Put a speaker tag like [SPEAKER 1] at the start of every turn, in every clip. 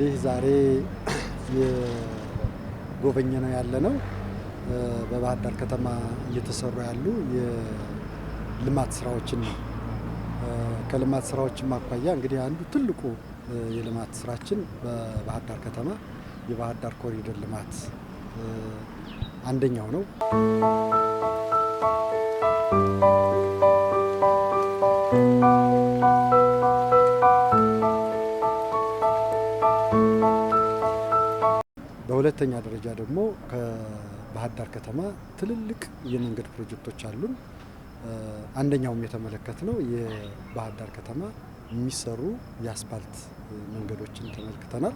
[SPEAKER 1] እንግዲህ ዛሬ የጎበኘ ነው ያለ ነው በባህር ዳር ከተማ እየተሰሩ ያሉ የልማት ስራዎችን ነው። ከልማት ስራዎችም አኳያ እንግዲህ አንዱ ትልቁ የልማት ስራችን በባህር ዳር ከተማ የባህር ዳር ኮሪደር ልማት አንደኛው ነው። Thank you. በሁለተኛ ደረጃ ደግሞ ከባህር ዳር ከተማ ትልልቅ የመንገድ ፕሮጀክቶች አሉን። አንደኛውም የተመለከት ነው የባህር ዳር ከተማ የሚሰሩ የአስፓልት መንገዶችን ተመልክተናል።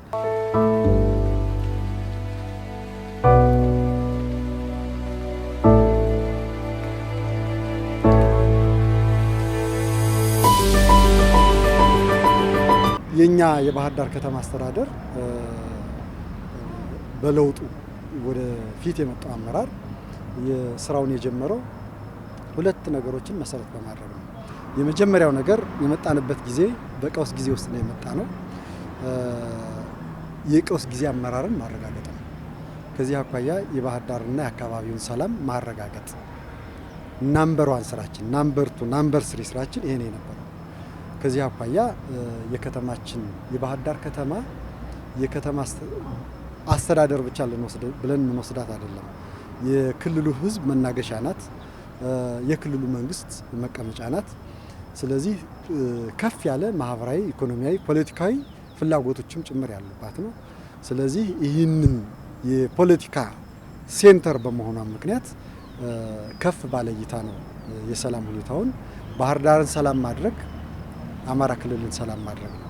[SPEAKER 1] የእኛ የባህር ዳር ከተማ አስተዳደር በለውጡ ወደ ፊት የመጣው አመራር ስራውን የጀመረው ሁለት ነገሮችን መሰረት በማድረግ ነው። የመጀመሪያው ነገር የመጣንበት ጊዜ በቀውስ ጊዜ ውስጥ ነው የመጣ ነው። የቀውስ ጊዜ አመራርን ማረጋገጥ ነው። ከዚህ አኳያ የባህር ዳርና የአካባቢውን ሰላም ማረጋገጥ ናምበር ዋን ስራችን፣ ናምበር ቱ፣ ናምበር ስሪ ስራችን ይሄ ነበር። ከዚህ አኳያ የከተማችን የባህር ዳር ከተማ የከተማ አስተዳደር ብቻ ብለን ምንወስዳት አይደለም። የክልሉ ህዝብ መናገሻ ናት። የክልሉ መንግስት መቀመጫ ናት። ስለዚህ ከፍ ያለ ማህበራዊ፣ ኢኮኖሚያዊ፣ ፖለቲካዊ ፍላጎቶችም ጭምር ያሉባት ነው። ስለዚህ ይህንን የፖለቲካ ሴንተር በመሆኗ ምክንያት ከፍ ባለ እይታ ነው የሰላም ሁኔታውን ባህር ዳርን ሰላም ማድረግ አማራ ክልልን ሰላም ማድረግ ነው።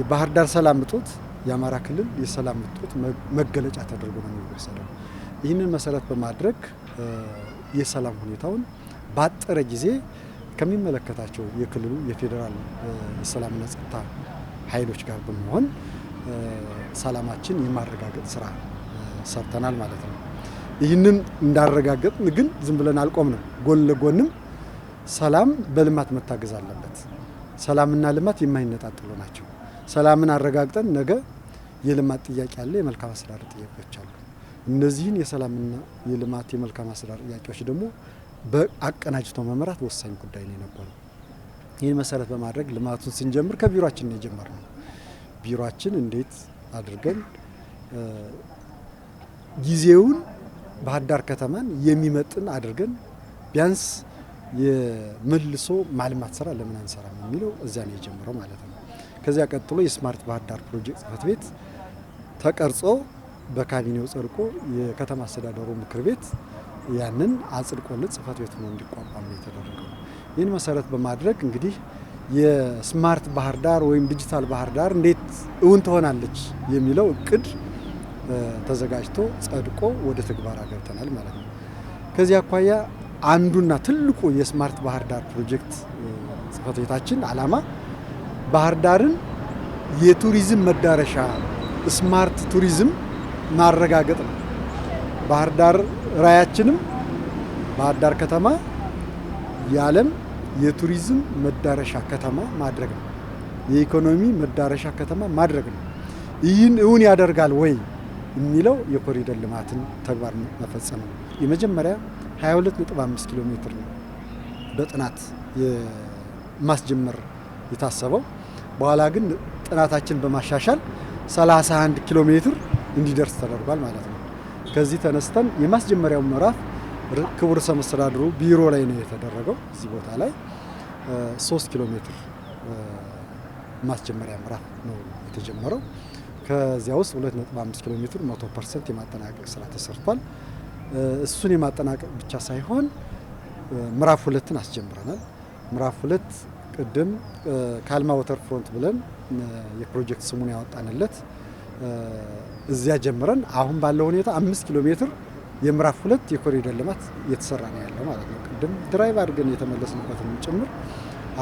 [SPEAKER 1] የባህር ዳር ሰላም እጦት የአማራ ክልል የሰላም እጦት መገለጫ ተደርጎ ነው የሚወሰደው። ይህንን መሰረት በማድረግ የሰላም ሁኔታውን ባጠረ ጊዜ ከሚመለከታቸው የክልሉ የፌዴራል የሰላምና ጸጥታ ኃይሎች ጋር በመሆን ሰላማችን የማረጋገጥ ስራ ሰርተናል ማለት ነው። ይህንን እንዳረጋገጥን ግን ዝም ብለን ነው። ጎን ለጎንም ሰላም በልማት መታገዝ አለበት። ሰላምና ልማት የማይነጣጥሉ ናቸው። ሰላምን አረጋግጠን ነገ የልማት ጥያቄ አለ፣ የመልካም አስተዳደር ጥያቄዎች አሉ። እነዚህን የሰላምና የልማት የመልካም አስተዳደር ጥያቄዎች ደግሞ በአቀናጅቶ መምራት ወሳኝ ጉዳይ ነው የነበረው። ይህን መሰረት በማድረግ ልማቱን ስንጀምር ከቢሮችን ነው የጀመርነው። ቢሮችን እንዴት አድርገን ጊዜውን ባህር ዳር ከተማን የሚመጥን አድርገን ቢያንስ የመልሶ ማልማት ስራ ለምን አንሰራም የሚለው እዚያ ነው የጀመረው ማለት ነው። ከዚያ ቀጥሎ የስማርት ባህር ዳር ፕሮጀክት ጽህፈት ቤት ተቀርጾ በካቢኔው ጸድቆ የከተማ አስተዳደሩ ምክር ቤት ያንን አጽድቆለት ጽህፈት ቤት ሆኖ እንዲቋቋም የተደረገው። ይህን መሰረት በማድረግ እንግዲህ የስማርት ባህር ዳር ወይም ዲጂታል ባህር ዳር እንዴት እውን ትሆናለች የሚለው እቅድ ተዘጋጅቶ ጸድቆ ወደ ተግባር ገብተናል ማለት ነው። ከዚህ አኳያ አንዱና ትልቁ የስማርት ባህር ዳር ፕሮጀክት ጽህፈት ቤታችን አላማ ባህር ዳርን የቱሪዝም መዳረሻ ስማርት ቱሪዝም ማረጋገጥ ነው። ባህር ዳር ባህርዳር ባህር ዳር ከተማ የዓለም የቱሪዝም መዳረሻ ከተማ ማድረግ ነው። የኢኮኖሚ መዳረሻ ከተማ ማድረግ ነው። ይህን እውን ያደርጋል ወይ የሚለው የኮሪደር ልማትን ተግባር መፈጸም ነው። የመጀመሪያ 22.5 ኪሎ ሜትር ነው በጥናት ማስጀመር የታሰበው በኋላ ግን ጥናታችን በማሻሻል 31 ኪሎ ሜትር እንዲደርስ ተደርጓል ማለት ነው። ከዚህ ተነስተን የማስጀመሪያው ምዕራፍ ክቡር ርዕሰ መስተዳድሩ ቢሮ ላይ ነው የተደረገው። እዚህ ቦታ ላይ 3 ኪሎ ሜትር ማስጀመሪያ ምዕራፍ ነው የተጀመረው። ከዚያ ውስጥ 2.5 ኪሎ ሜትር 100 ፐርሰንት የማጠናቀቅ ስራ ተሰርቷል። እሱን የማጠናቀቅ ብቻ ሳይሆን ምዕራፍ ሁለትን አስጀምረናል። ምዕራፍ ሁለት ቅድም ካልማ ወተር ፍሮንት ብለን የፕሮጀክት ስሙን ያወጣንለት እዚያ ጀምረን አሁን ባለው ሁኔታ አምስት ኪሎ ሜትር የምዕራፍ ሁለት የኮሪደር ልማት እየተሰራ ነው ያለው ማለት ነው። ቅድም ድራይቭ አድርገን የተመለስንበትን ጭምር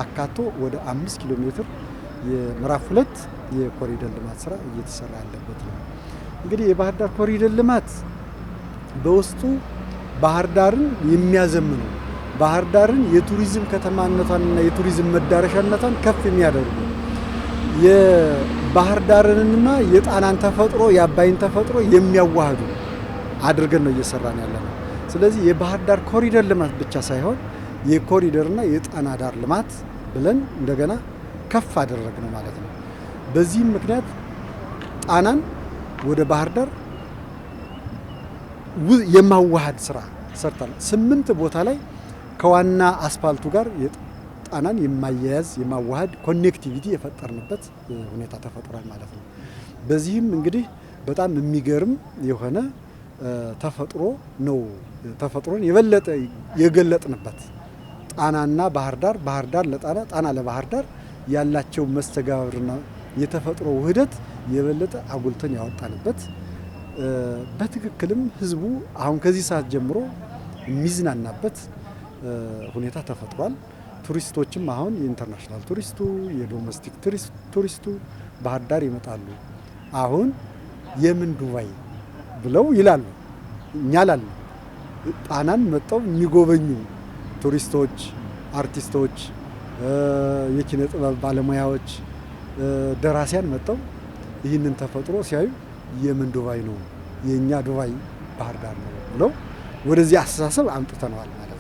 [SPEAKER 1] አካቶ ወደ አምስት ኪሎ ሜትር የምዕራፍ ሁለት የኮሪደር ልማት ስራ እየተሰራ ያለበት ነው። እንግዲህ የባህር ዳር ኮሪደር ልማት በውስጡ ባህር ዳርን የሚያዘምኑ ባህር ዳርን የቱሪዝም ከተማነቷንና የቱሪዝም መዳረሻነቷን ከፍ የሚያደርጉ የባህር ዳርንና የጣናን ተፈጥሮ የአባይን ተፈጥሮ የሚያዋህዱ አድርገን ነው እየሰራን ያለ ነው። ስለዚህ የባህር ዳር ኮሪደር ልማት ብቻ ሳይሆን የኮሪደርና የጣና ዳር ልማት ብለን እንደገና ከፍ አደረግ ነው ማለት ነው። በዚህም ምክንያት ጣናን ወደ ባህር ዳር የማዋሃድ ስራ ሰርተናል። ስምንት ቦታ ላይ ከዋና አስፋልቱ ጋር ጣናን የማያያዝ የማዋሃድ ኮኔክቲቪቲ የፈጠርንበት ሁኔታ ተፈጥሯል ማለት ነው። በዚህም እንግዲህ በጣም የሚገርም የሆነ ተፈጥሮ ነው። ተፈጥሮን የበለጠ የገለጥንበት ጣናና ባህር ዳር፣ ባህር ዳር ለጣና፣ ጣና ለባህር ዳር ያላቸው መስተጋብርና የተፈጥሮ ውህደት የበለጠ አጉልተን ያወጣንበት በትክክልም ህዝቡ አሁን ከዚህ ሰዓት ጀምሮ የሚዝናናበት ሁኔታ ተፈጥሯል። ቱሪስቶችም አሁን የኢንተርናሽናል ቱሪስቱ፣ የዶሜስቲክ ቱሪስቱ ባህር ዳር ይመጣሉ። አሁን የምን ዱባይ ብለው ይላሉ። እኛ ላሉ ጣናን መጠው የሚጎበኙ ቱሪስቶች፣ አርቲስቶች፣ የኪነ ጥበብ ባለሙያዎች፣ ደራሲያን መጥተው ይህንን ተፈጥሮ ሲያዩ የምን ዱባይ ነው የእኛ ዱባይ ባህር ዳር ነው ብለው ወደዚህ አስተሳሰብ አምጥተነዋል ማለት ነው።